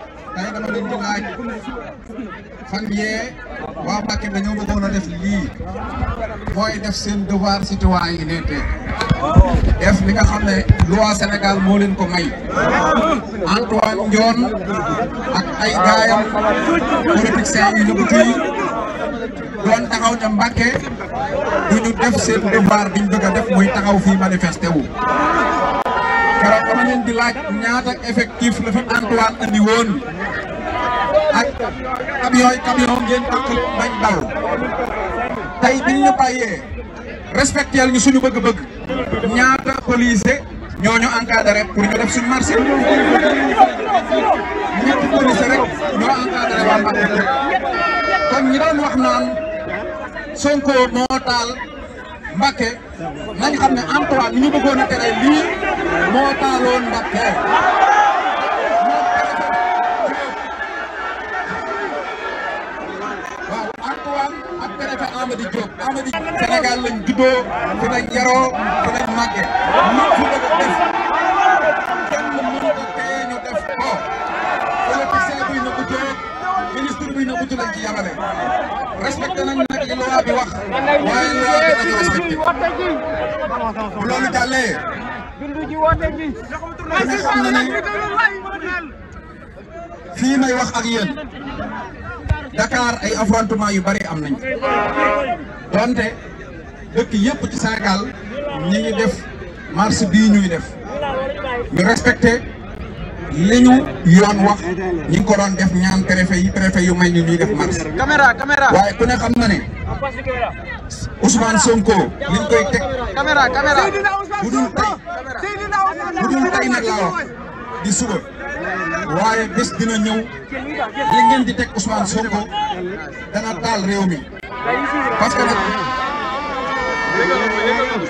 tey dama leen di laaj fan yee waa Mbacké dañoo bëggoon a def lii mooy def seen devoir citoyen yi ne def li nga xam ne loi moo leen ko may Antoine Ndione ak ay gaayam politiciens yu nëbbu yi doon taxaw ne Mbacké du ñu def seen devoir biñ bëgg a def muy taxaw fu manifesté wu keroog a leen di laaj ñaata effectif la fi Antoine andi woon ak camion yi ngeen takk bañ daw tey biñ ñu bàyyee respecté ñu suñu bëgg-bëgg ñaata policier ñoo ñu encadré pour ñu def suñu marché ñetti policier rek ñoo encadré waa wax naan Sonko moo taal. Mbacké nañ xam ne Antoine mi ñu bëggoon a lii moo taaloon Mbacké waaw Antoine ak préfet Amady Diop Amady Sénégal lañ juddoo fi lañ yaroo fi lañ màggee a def ñu def ko politicien ministre buy na ko jëlee lañ ci yamale respecté nañ li loi bi wax waaye loi xam ne ni fii may wax ak yéen Dakar ay affrontement yu bari am nañu donte dëkk yëpp ci Sénégal ñi ñuy def marche bii ñuy def ñu respecté li ñu yoon wax ñi ngi ko doon def ñaan préfet yu may ñu ñuy def marche waaye ku ne xam na ne Ousmane Sonko liñ koy teg caméra caméra bu dul tey bu dul tey nag di suba waaye bés dina ñëw li ngeen di teg Ousmane Sonko dana taal réew mi parce que nag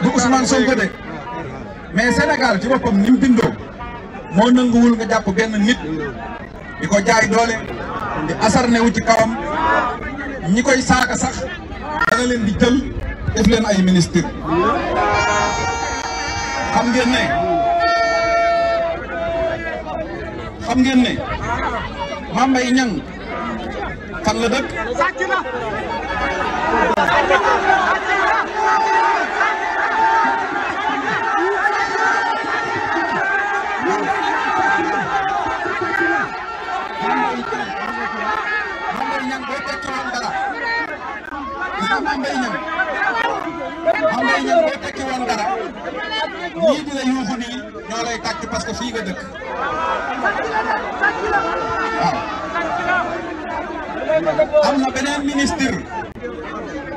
du Ousmane Sonko de mais Sénégal ci boppam ni bindoo moo nanguwul nga jàpp benn nit di ko jaay doole di asar newu ci kawam ñi koy saaka sax dana leen di jël def leen ay ministre xam ngeen ne xam ngeen ne Mame la dëkk ñam xam ngay ñam boo fii nga dëkk waaw am beneen ministre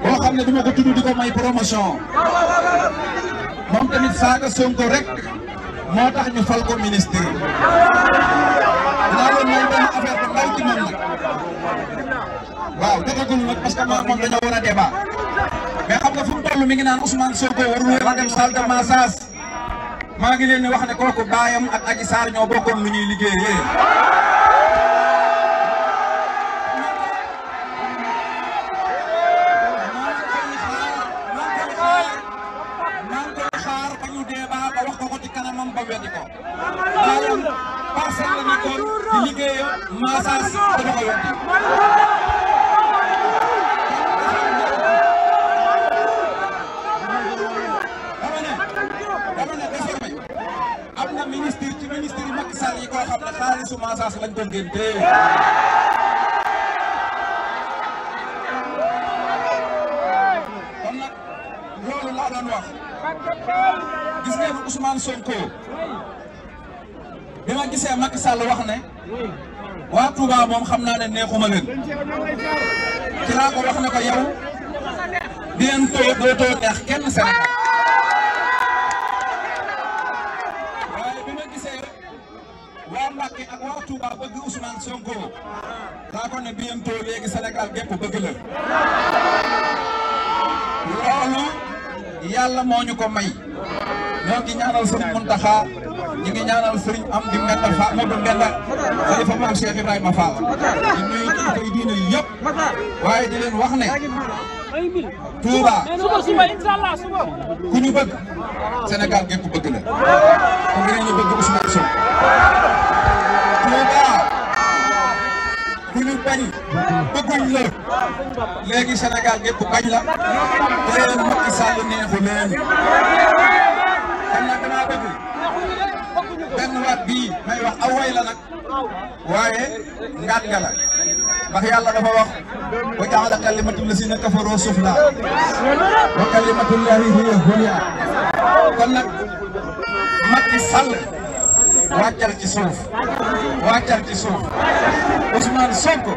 boo xam ne duma ko tudd di ko may promotion moom tamit saaga Sonko rek moo tax ñu fal ko ministre dinaa leen may benn affaire ci ñun waaw jotagul nag parce que moom dañoo war a débat mais xam nga fu mu mi ngi naan Ousmane Sonko warul war a dem salle de massage maa ngi leen wax ne kooku baayam ak Adji Sarr ñoo bokkoon lu ñuy liggéeyee. yooyu massage dafa ko weddi ministre ci ministre yi Macky Sall yi koo xam ne xaalisu massage lañ doon gën dee. kon nag loolu laa doon wax gis ngeen Ousmane Sonko bi ma gisee Macky Sall wax ne. waa Touba moom xam naa ne neexuma leen ci laa ko wax ne ko yow bientôt dootoo neex kenn Sénégal waaye bi ma gisee waa Mbàkke ak waa Touba bëgg Ousmane Sonko daa ko ne bientôt léegi Sénégal gépp bëgg la loolu yàlla moo ñu ko may ñoo ngi ñaanal sëñ Muntaxa ñu ngi ñaanal sëriñ am di Mbenda Fall Modou Mbenda xalifa maam Cheikh Ibrahima Fall di nuyu kilifa yi diine yëpp waaye di leen wax ne Touba ku ñu bëgg Sénégal gépp bëgg la ku ngeen ñu bëgg Ousmane Sonko Touba ku ñu bañ bëgguñ la léegi Sénégal gépp bañ la te Macky Sall neexu leen xam na danaa bëgg baat bii may wax aw way la nag waaye ngaan nga la ndax yàlla dafa wax wa jaala kalimatul lazina kafaroo sufla wa kalimatullahi hiya hulia kon nag Macky Sall wàccal ci suuf wàccal ci suuf Ousmane Sonko